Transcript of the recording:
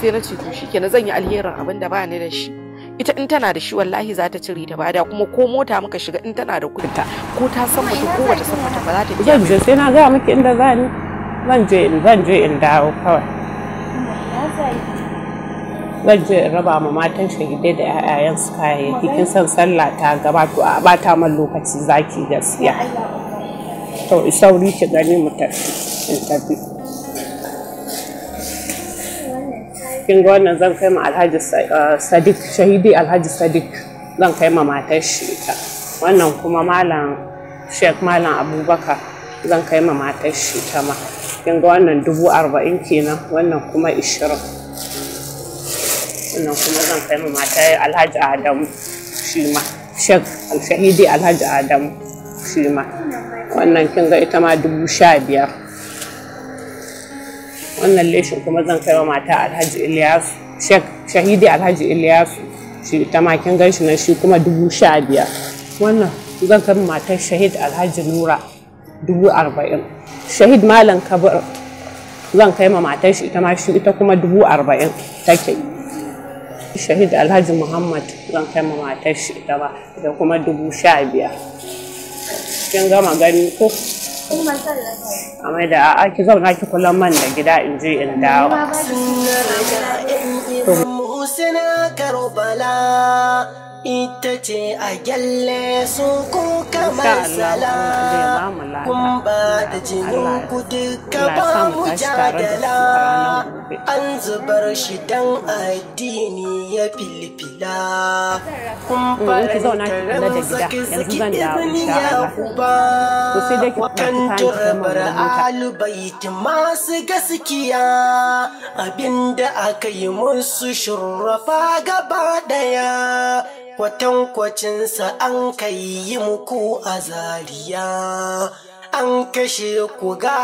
sai na ce to shikenan zan yi alherin abin da ba ni da shi ita in tana da shi wallahi za ta cire ta bada kuma ko mota muka shiga in tana da ta ko ta san mutu ko wata san mutu ba za ta zan je sai na ga miki inda za ni zan je in zan je in dawo kawai zan je in raba ma matan shahidai da 'ya'yan su kayayyaki kin san sallah ta gaba to a bata man lokaci zaki gaskiya to sauri ki gani mu tafi in tafi kin ga wannan zan kai ma alhaji ah, sadiq shahidi alhaji sadiq zan kai ma matar shi ita wannan kuma malam sheikh malam abubakar zan kai ma matar shi ita ma kin ga wannan dubu arba'in kenan wannan kuma ishirin wannan kuma zan kai ma matar alhaji adamu shi ma sheikh alshahidi alhaji adamu shi ma wannan kin ga ita ma dubu sha biyar wannan leshin kuma zan kai wa mata alhaji ilyasu shahidi alhaji ilyasu shi ta makin ganshi na shi kuma dubu sha biyar wannan zan kai matar shahid alhaji nura dubu arba'in shahid malam kabir zan kai ma matar shi ita ma shi ita kuma dubu arba'in take shahid alhaji muhammad zan kai ma matar shi ita ba da kuma dubu sha biyar kin gama gani ko Amai da a'a ki zauna ki kula man da gida in je in dawo. Musina Karbala ita ce a gyalle su ku kamar sala kun ba da jinin ku duka ba mujadala an zubar shi dan addini ya filifila kun fara taron sake masu gaskiya abinda aka yi musu shurrafa gaba daya kwatankwacinsa an kai yi muku a zariya an kashe ku ga